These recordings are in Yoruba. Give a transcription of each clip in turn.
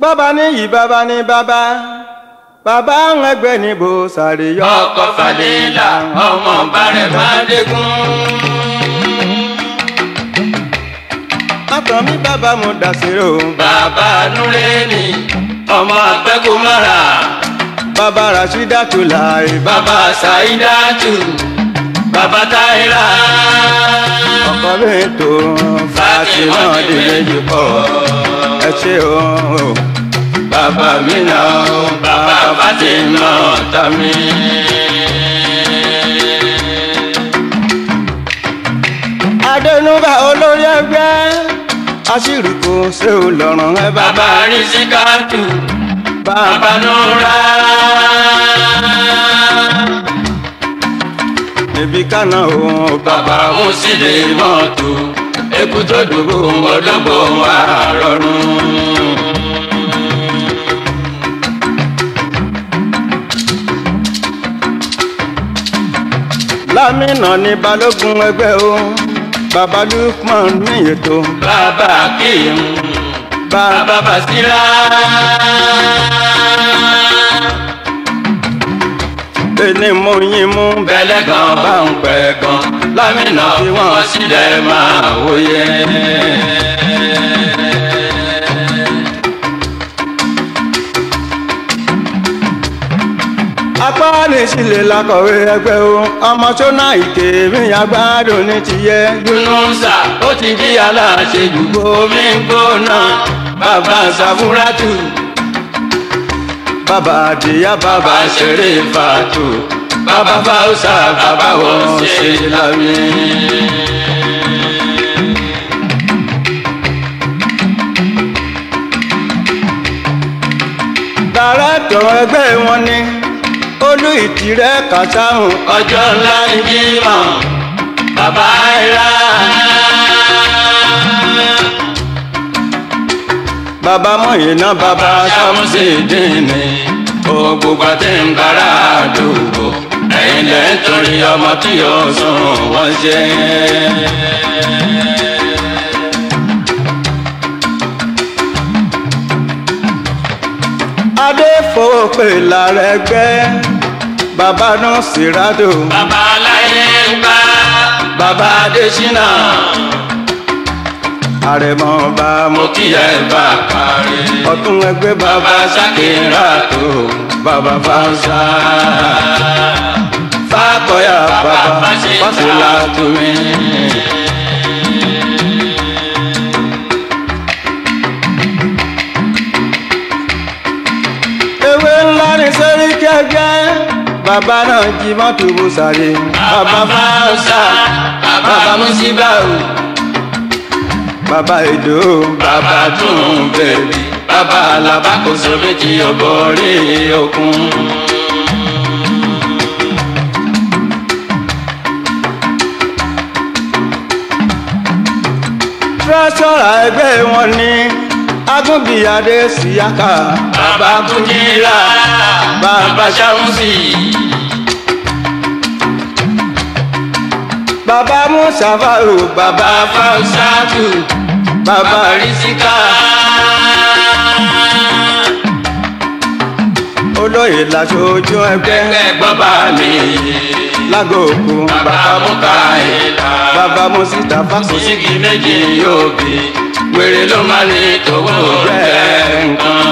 bàbá ní yìí bàbá ní bàbá bàbá ń ẹgbẹ́ níbo sàrè yọ. ọkọ fàlẹ́là ọmọ bàrẹ̀ máa dégún. látọ̀ mi bàbá mo dà sírò. bàbá núré ni ọmọ àgbẹ̀kùn mọ́ra. bàbá rasídàtù láì. bàbá sàídàtù bàbá táyìlá. ọkọ bẹ́ẹ̀ tó Fatima Adébẹ́jì pọ̀ ẹ ṣe o. bàbá mi náà bàbá Fatima tàmí. adẹnubà olórí ẹgbẹ́ aṣírùkù ṣé o lọ́rùn ẹ bàbá. Baba rí baba bàbá ṣebí kánà òun. bàbá òun sì lè mọ́tò eku tó dùgbò ọdọ́gbò wà rọrùn. lámìnà ní balógun ẹgbẹ́ o bàbá lukman ní ètò. bàbá akéyìn bàbá basira ẹni mú yín mú. bẹ́lẹ̀ gan bá ń pẹ́ gan lámìnà tí wọ́n sílẹ̀ máa wòye. apá nísìlè lakọ̀wé ẹgbẹ́ o ọmọ sọ́nà ìké mi àgbàdo ní tiyẹ. yunusa ó ti di aláṣẹ jù bómi gbóná bàbá sàfúrátù. Baba àdìyá baba ṣeré fàtó bàbá fàwùsà bàbá wọn ṣe lámì. dàrẹ́tọ̀ ẹgbẹ́ wọn ni olú ìtìrẹ́ kàtàhùn ọjọ́ ńlá ní mímọ́ bàbá ìlànà. bàbá mọ̀yìnà bàbá Ṣàmùsídìn ni ó gbogbo àti nbàrà àdúgbò ẹ̀yin lẹ́ ń torí ọmọ tí yóò sùn wọ́n ṣe. adé fowó pè lára ẹgbẹ́ bàbá náà sì rádò. bàbá aláyé bàbá adésínà àrẹ̀mọ ọba mo kí ẹ bá parí. ọ̀tún ẹgbẹ́ bàbá sákìrà tó bàbá fáṣá. fàkọyà bàbá fáṣọlá tómi. ewé ńlá ni sẹ́rí jẹ́jẹ́ bàbá náà jí mọ́tò bó sáré. bàbá fáṣá bàbá mú sí báwò bàbá èdò bàbá tún bẹ̀bí bàbá alábàkóso méjì ọ̀bọ̀ rí okun. tírẹ́sọ̀rà ẹgbẹ́ wọn ni agúnbíyadé síyáka. bàbá kúndínlá bàbá ṣàrùsì. bàbá musa faru bàbá fausatu. Baba Rísíkà. olóyè làṣojú ẹgbẹ́ bàbá mi lágòkù bàbá múta ìlà bàbá mọ́sítà fásitì méjì yóò bí wèrè ló má lè tọwọ́ rẹ̀ nǹkan.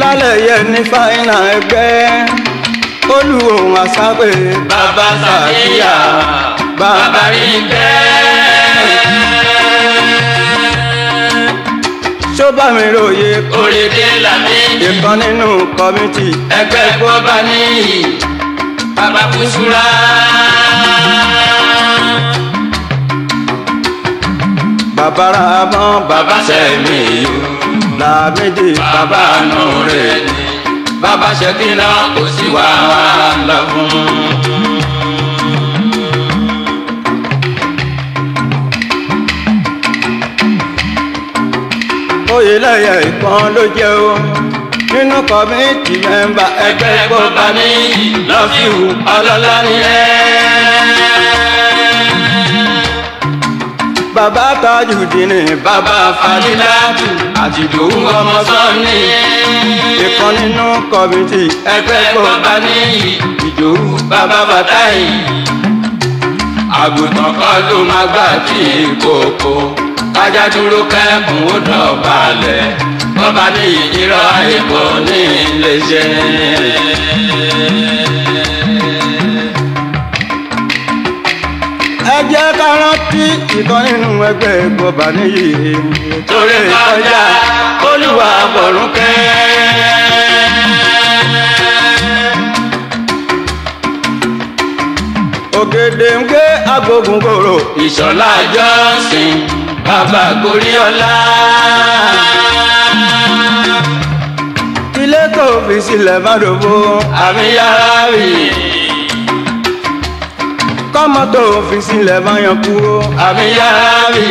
lálẹ́ yẹn ní fáínà ẹgbẹ́ olú ohun àṣàpè bàbá sàkíyà bàbá rí bẹ́ẹ̀. ṣó bá mi ròye òrèké làmì ìkan nínú kọ́mítì ẹgbẹ́ gbọ́bá níyì bàbá kùsùrà. bàbá ra mọ́ bàbá yìí làmídìí bàbá nù bàbá ṣèkínà kò sí wàhálà fún un. oyeleye ìkan ló jẹ́ o nínú kọ́míìtì mẹ́mbà ẹgbẹ́ gbọ́ba ní lọ́fíù ọlọ́lá ni bàbá tajùdínì bàbá fàdílàtù àti ìdòwú ọmọ sọ́ọ̀nì. ìkan nínú kọ̀mìtì ẹgbẹ́ kọba níyì ìdòwú bàbá bàtáyì. àgùntàn kan ló máa gbà tí ìkòkò kájà dúró kẹ́kùn ó dọ̀bálẹ̀ kọba níyì irọ́ àìkò ní ilé iṣẹ́. ẹ jẹ́ ká rántí ìkan nínú ẹgbẹ́ bọ̀bà níyì torí ìkọjá olúwa bọ̀rún kẹ́. ògèdèǹgé agbógunkòrò ìṣọ̀lá jọ́sìn bàbá Kòríọlá. ilé tó fi sílẹ̀ má dòbò àmì yàrá rì kọ́mọ́tò òfin sílẹ̀ báyọ̀ kú o. àmì yára mi.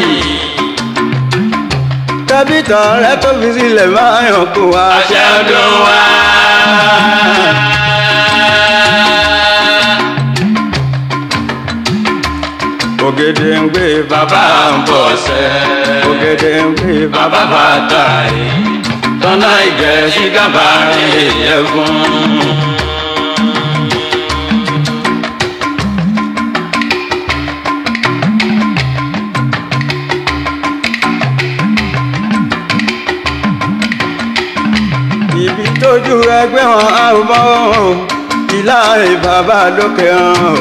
tẹ́bítọ̀ rẹ tó fi sílẹ̀ báyọ̀ kú wa. àṣà ọdún wa. ògèdè ń gbé bàbá ń bọ̀ sẹ́. ògèdè ń gbé bàbá bàtà yìí. tọ́lá ìgẹ̀ ṣígàbà ẹ̀yẹ̀ fún un. tójú ẹgbẹ́ wọn á mọ́ wọn ìlà ìbàbà lókè hàn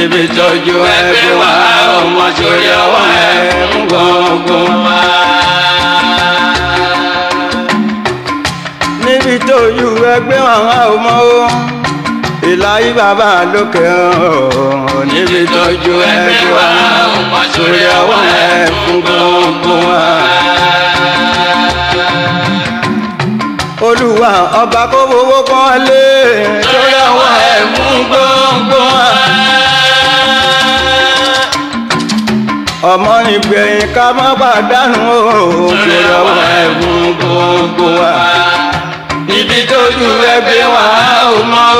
ibi tójú ẹgbẹ́ wọn á mọ́ sórí ọwọ́ ẹ̀ ń gbogbo wá. níbi tójú ẹgbẹ́ wọn á mọ́ wọn ìlà ìbàbà lókè hàn níbi tójú ẹgbẹ́ wọn á mọ́ sórí ọwọ́ ẹ̀ ń gbogbo wá olúwa ọba kó fowó pọ́n lé lórí àwọn ẹ̀mú gbọ́ngbọ́n. ọmọ ìgbẹ̀yìn ká má pàdánù òkè lọ́wọ́ ẹ̀mú gbọ́ngbọ́n wa. ibi tó ju ẹgbẹ́ wa ó mọ́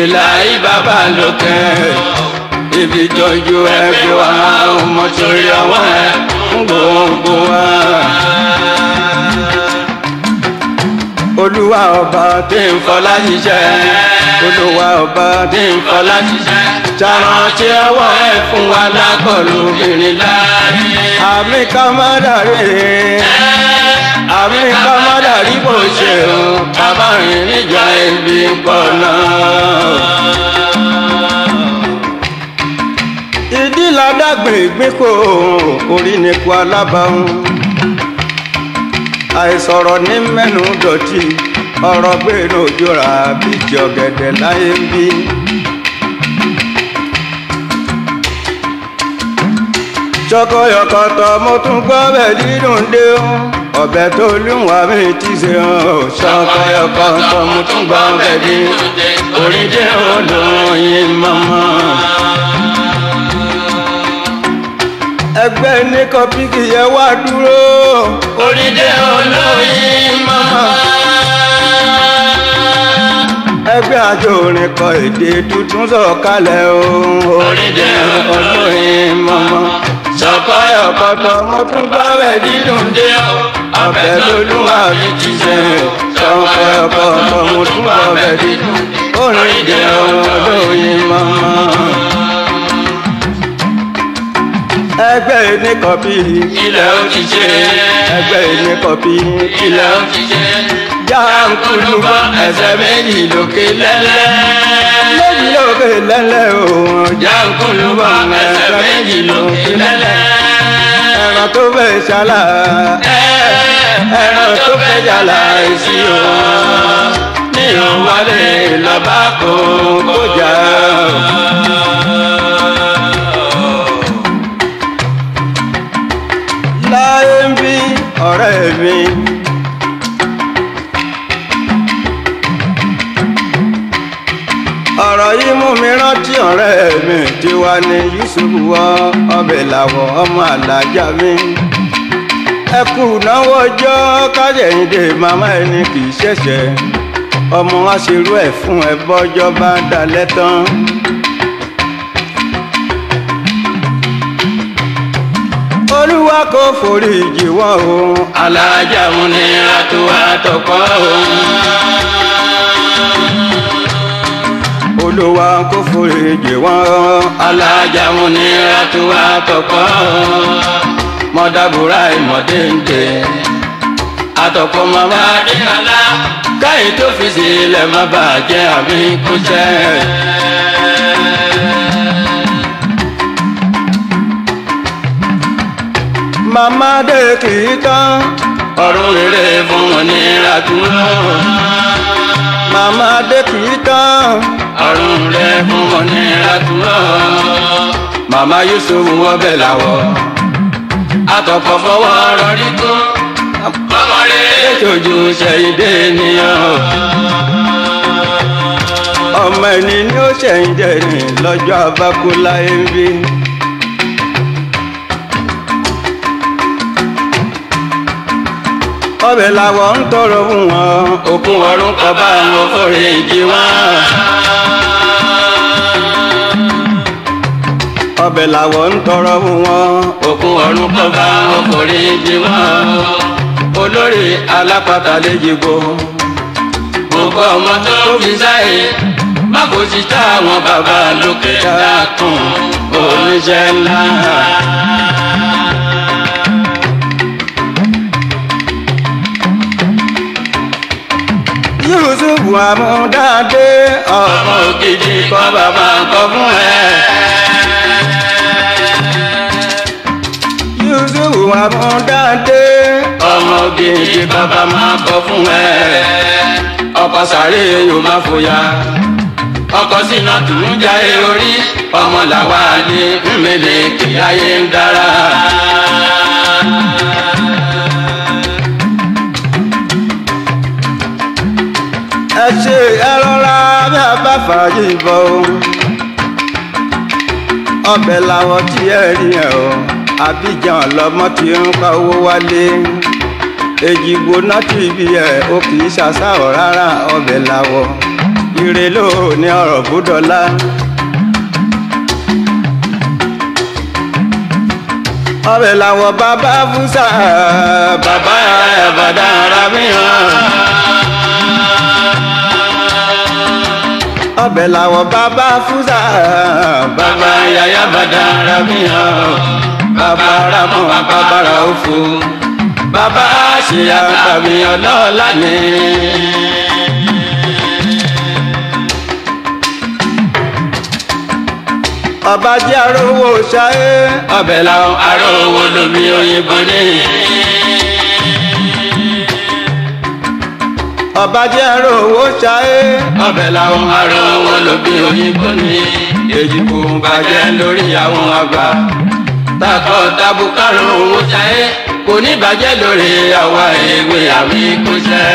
ìlà ìbàbà lókè ibi tó ju ẹgbẹ́ wa ó mọ́ torí ọwọ́ ẹ̀ ń wa olúwa ọba tí ń fọlá ṣiṣẹ́ olúwa ọba tí ń fọlá ṣiṣẹ́ ṣàrántí ọwọ́ ẹ̀ fún wa lágbọ̀lù obìnrin láàyè. àmì ká má dàrí àmì ká má dàrí bó ṣe o bàbá rìn níjà ibi pọ̀ náà. ìdí ládàgbé gbé orí ni kó alábàáhùn àìsọ̀rọ̀ ní mẹ́nu dọ̀tí ọ̀rọ̀ gbèrò jọra bíjì ọ̀gẹ̀dẹ̀ láyé ń bí. ṣọkọyọkọtọ mo tún gbọ́ bẹ̀ dídùn dé o ọ̀bẹ tó lùwà mi ti ṣe hàn o ṣọkọyọkọtọ mo tún gbọ́ bẹ̀ dídùn dé oríjẹ́ odò yín mọ́mọ́. ẹgbẹ́ ní kọ́pìkì yẹn wá dúró orídé olóyin mọ́. ẹgbẹ́ àjọ orin kọ èdè tuntun sọ̀kalẹ̀ ohun orídé olóyin mọ́. sọ̀kọ́yọ̀ kọ́tọ́ mo tún bá rẹ̀ dídùn dé ọ́ abẹ́ lolúwa mi ti ṣe o sọ̀kọ́yọ̀ kọ́tọ́ mo tún dídùn orídé olóyin mọ́ ẹgbẹ́ ẹni kọ̀bí ilẹ̀ ó ti ṣe ẹgbẹ́ ẹni kọ̀bí ilẹ̀ ó ti ṣe jankulu bọ ẹsẹ̀ méjì lókè lẹ́lẹ́ méjì lókè lẹ́lẹ́ o jankulu bọ ẹsẹ̀ méjì lókè lẹ́lẹ́ ẹran tó fẹ́ ṣàlà eh, ẹran tó fẹ́ ṣàlà èsì o ní ìrànwọ́lẹ̀ lọ́ba kò kó jà o. ọ̀rẹ́ mi. ọ̀rọ̀ yìí mú mi rántí ọ̀rẹ́ mi tiwa ni Yusuf wọ ọbẹ̀ làwọn ọmọ àlàjá mi. ẹ kú náwó ọjọ́ kájẹ̀yìndé màmá ẹni kì í ṣẹ̀ṣẹ̀ ọmọ wa ṣerú ẹ̀ fún ẹ bọ́jọ́ bá dalẹ̀ tán. olúwa kò foríjì wọ́n o. alájà mu ni àtúwà tọkọ o. olúwa kò foríjì wọ́n o. alájà mu ni àtúwà tọkọ o. mọ̀dàbúrà ìmọ̀dé ń màmá dé àlá tó fi sílẹ̀ má bàjẹ́ àmì kúṣẹ́. Mama de kì í tán. ọ̀run rere fún wọn ní ìràdúrà. màmá dé kì í tán. ọ̀run rere fún wọn ní ìràdúrà. màmá Yusuf wọ́n bẹ̀ làwọ̀. àtọ̀pọ̀ fọwọ́ rọrí tó. bọ́mọ rẹ̀ lójoojú ṣẹ̀yìn dé ọmọ ẹni ni ó ṣẹ̀yìn dẹ̀rìn lọ́jọ́ abákúláyé ń bí. ọbẹ̀ làwọ̀ ń tọrọ fún wọn òkun ọ̀run kọ bá wọn fọ̀rẹ̀ ìdí wọn. ọbẹ̀ làwọ̀ ń tọrọ fún wọn òkun ọ̀run kọ bá wọn fọ̀rẹ̀ ìdí wọn. olórí alápatà lè jìgbó. gbogbo ọmọ tó fi sáyé báko ti bàbá lókè dákun oníṣẹ́ ńlá. Yusuf amúdádé ọmọ òkìjì kọ́ bàbá kọ́ fún ẹ. Yusuf amúdádé ọmọ òkìjì bàbá máa kọ́ fún ẹ. ọkọ sáré yóò má fòyà ọkọ sínú tún jáde orí ọmọ làwa ní mímẹ́lẹ̀ kí ayé ń dára. ẹ ṣe ẹ rọra bí a bá fàájì bọ̀ o ọbẹ̀ làwọn tí ẹ rí ẹ o àbíjàn lọmọ tí ń pa owó wálé èjìgbò náà ti bí ẹ o kì í ṣàṣàrọ̀ rárá ọbẹ̀ làwọ̀ ire ló ní ọ̀rọ̀ búdọ́lá. ọbẹ̀ làwọ̀ bàbá fúnṣà bàbá ẹ̀ bàdá ara mi hàn. ọbẹ̀ làwọn bàbá fúzà. bàbá yàyà bàdà ramíà bàbá ramọ bàbá raúfù bàbá ṣìyà bàmí ọlọ́ọ̀lá ni. ọba jẹ́ arówó ṣáé ọbẹ̀ làwọn arówó lomi òyìnbó ní. ọ̀bàjẹ́ ẹ̀rọ owó ṣayé. ọbẹ̀ làwọn ará wọn ló bí òyìnbó ni èjì kò ń bàjẹ́ lórí àwọn àgbà. takọ tabu karùn owó ṣayé kò ní bàjẹ́ lórí àwa èwe àmì kúṣẹ́.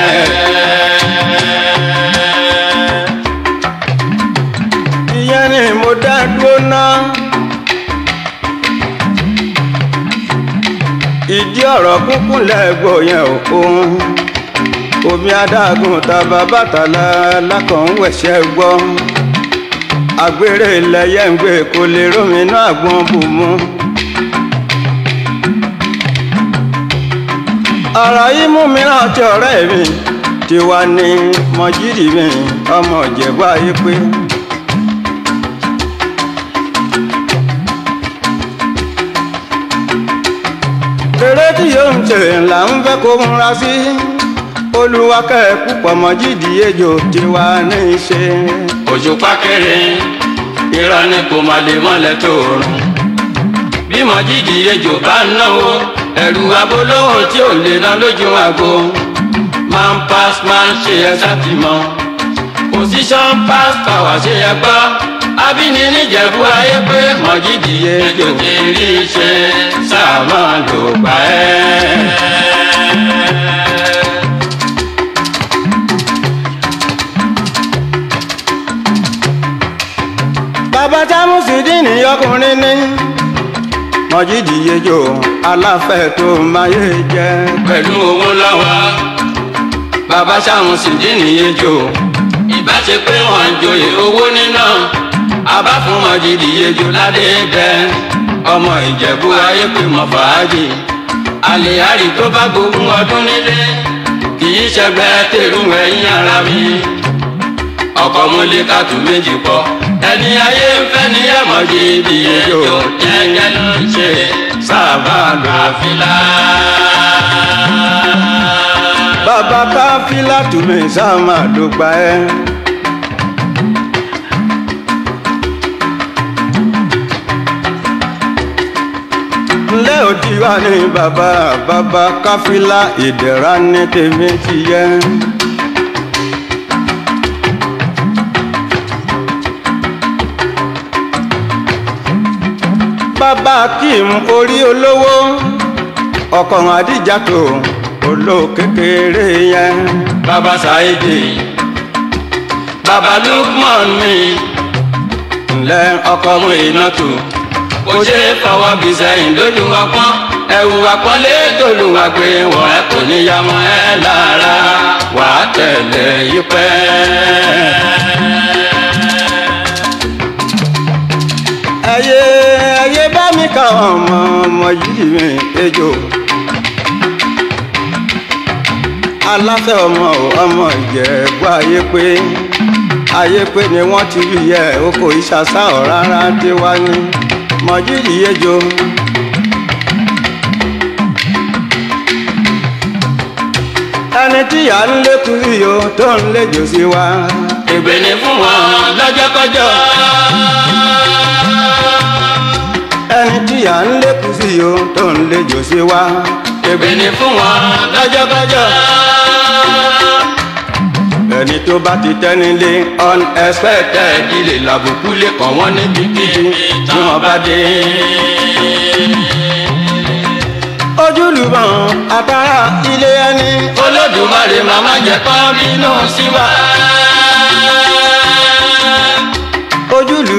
ìyẹn ni mo dá dúró náà. ìdí ọ̀rọ̀ kúkú lẹ́gbọ̀ọ́ yẹn ò kún omi adágún ta Bàbátálá lákàn ń wẹ̀ṣẹ́ gbọ́ agbèrè lẹ́yẹ ń gbé kò lè rómìnà àgbọn bù mọ́. ara yìí mú mi rántí ọ̀rẹ́ mi tiwa ni mọ̀jírì mi ọmọ ìjẹ̀bú ayé pé. rere tí yóò ń tèrè ńlá ń fẹ́ kó múra sí. Si olùwàkẹ́ púpọ̀ mọ́jìdí ejò tiwa ní í ṣe. òṣùpá kéré irọ́ ni kò má lè mọ́lẹ̀ tó rùn. bí mọ́jìdí ejò bá náwó ẹ̀rù abolówó tí ò lè ná lójú àgbo. man pass man ṣe ẹ sátìmọ́. position pass power ṣe ẹ gbọ́. abíní níjẹ̀bú ayé pé mọ́jìdí ejò ti rí iṣẹ́ sáà máa lò pa ẹ́. bàbá Ṣàmùsídìn ọkùnrin ni Mọ̀jídì Yéjò aláfẹ́ tó máyé jẹ́. pẹ̀lú owó lọ́wọ́ bàbá Ṣàmùsídìn Yéjò ìbá ṣe pé wọ́n ń joyè owó níná abá fún Mọ̀jídì Yéjò ládé bẹ́ẹ̀ ọmọ Ìjẹ̀bú ayé pé mọ̀ fàájì àlèhárì tó bá gbógun ọdún nílé kì í ṣẹgbẹ́ tèrú ẹ̀yìn ara mi ọkọ̀ múlẹ̀ ká tún méjì pọ̀. ẹni ayé ń fẹ́ ní ẹ̀mọ́ gidi ètò jẹ́jẹ́ ló ń ṣe sábà lọ àfilà. bàbá káfílà tún mi sáà máa dùgbà ẹ. ǹlẹ́ òdiwà ni bàbá bàbá káfílà ìdẹ̀ra ní tèmi ti yẹ. bàbá akim orí olówó ọkàn àdìjàtò olókèkèrè yẹn. bàbá Saidi bàbá Lukman mi ńlẹ ọkọ mu ìnàtò kò ṣe é fọwọ́ bí sẹ́yìn lójú wa pọ́n ẹ̀wù àpọ́nlé tòlùwà pé wọ́n ẹ kò ní ya mọ́ ẹ lára wà á tẹ̀lé yí pẹ́. ẹyẹ kama mọ̀yìí ejò aláfẹ́ ọmọ ọmọ ìjẹ̀bú ayé pé ayé pé ni wọ́n ti rí yẹ oko ìṣàṣà ọ̀rárá dé wáyé mọ̀yìí ejò. ẹni tí ń lé yo tó ń lé jò sí wa. ègbè ẹni tí à ń lékun sí o tó ń lejò sí wa. ègbè ni fún wọn lọ́jọ́bọ́jọ́. ẹni tó bá ti tẹ́nilé unexpected ilé làbùkù lè kàn wọ́n níbi kíbi tí wọ́n bá dé ojúlùmọ̀ àtàrà ilé ẹni. olódùmarè màmá jẹ́ kọ́ bínú sí wa.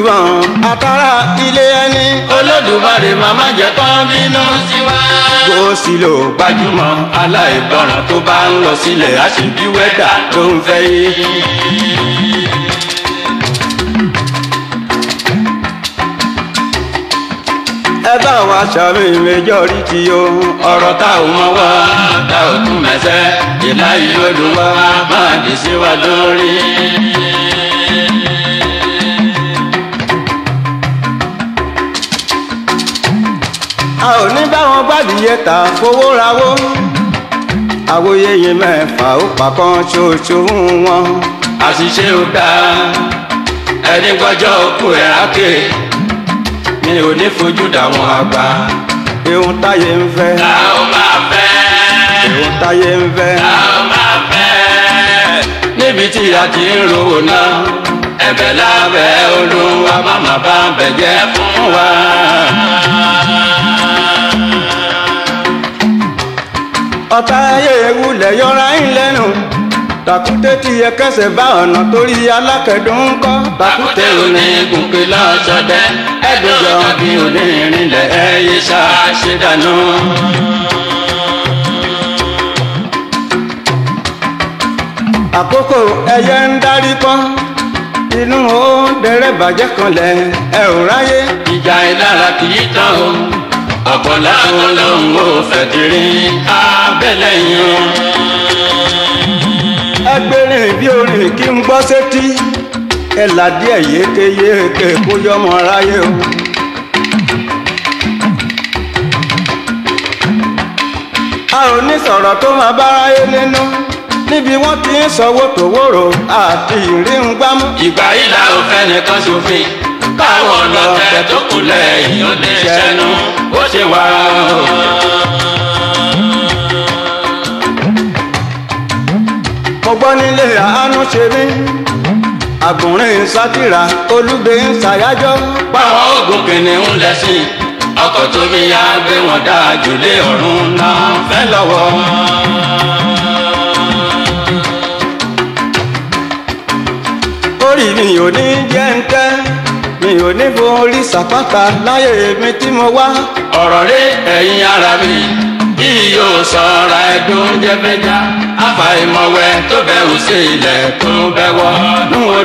ìbọn àtàrà ilé ẹni. olódùmarè màmá jẹ́ kán bínú sí wa. kó sì lò gbajúmọ̀ aláìgbọràn tó bá ń lọ sílẹ̀ àṣìbí wẹ́dà tó ń fẹ́ yìí. ẹ bá wa ṣàmì méjọ́rí tí o. ọ̀rọ̀ tá ò mọ wá tá ò tún ìlà ìlú olùwà máa dì sí wa lórí. a ò ní bá wọn gbàdìyẹ ta fowó rawó àwòye yìí mẹ́fà ó pàkan ṣoṣo wọn. àṣìṣe ò dáa ẹni gbọ́jọ́ òkú ẹ̀ ákè mi ò ní fojú dàwọn àgbà. ìhun táyé ń fẹ́. ta ó máa fẹ́. ìhun táyé ń fẹ́. ta ó máa fẹ́. níbi tí a ti ń rówó náà ẹ̀bẹ̀ lábẹ́ olúwa má má bá bẹ̀ jẹ́ fún wa. ọ̀tá ayé ewúlẹ̀ yọra ń lẹ́nu tàkúté ti yẹ kẹsẹ̀ bá ọ̀nà torí alákẹ̀dùn ń kọ́. tàkúté òní gùnkè lọ́sọdẹ ẹ̀dùnjọ́ bí òní ìrìnlẹ̀ ẹ̀yẹ ṣàṣedànù. àkókò ẹyẹ ń darí kọ́ inú ó dẹrẹ́ kanlẹ̀ ẹ̀ ò ráyé. ìjà ìlara kì í tán o ọ̀pọ̀lá tó ló ń wò fẹ̀dìrí abẹ́lẹ́yìn. ẹgbẹ́rin bí orin kí n gbọ́ sétí ẹ là díẹ̀ yékéyéké kó yọmọ ráyé o. a ò ní sọ̀rọ̀ tó máa bá ráyé nínú níbi wọ́n ti ń sọ wótòwòrò àti ìrí ìgbà yìí la ò fẹ́ nìkan ṣòfin báwọn lọ́tẹ̀ tó kulẹ̀ yìí ó ní sẹ́nu ó ṣe wá mo gbọ́ nílé àánú ṣe mí àgùnrín ń sátìrà olúbe ń ṣàyájọ́. báwọn oògùn kìnìún lẹ́sìn ọkọ̀ tó mi yá gbé wọn dáa jùlé ọ̀run náà fẹ́ lọ́wọ́. orí mi ò ní jẹ́ ń tẹ́ mi ò ní borí sàpáta láyé mi tí mo wá. ọ̀rọ̀ rí ẹ̀yin ara mi bí yóò sọ̀ra ẹ̀dùn jẹ́bẹ́já àfàìmọ̀wẹ́ tó bẹ̀rù sí ilẹ̀ tó bẹ̀wọ̀ nù ó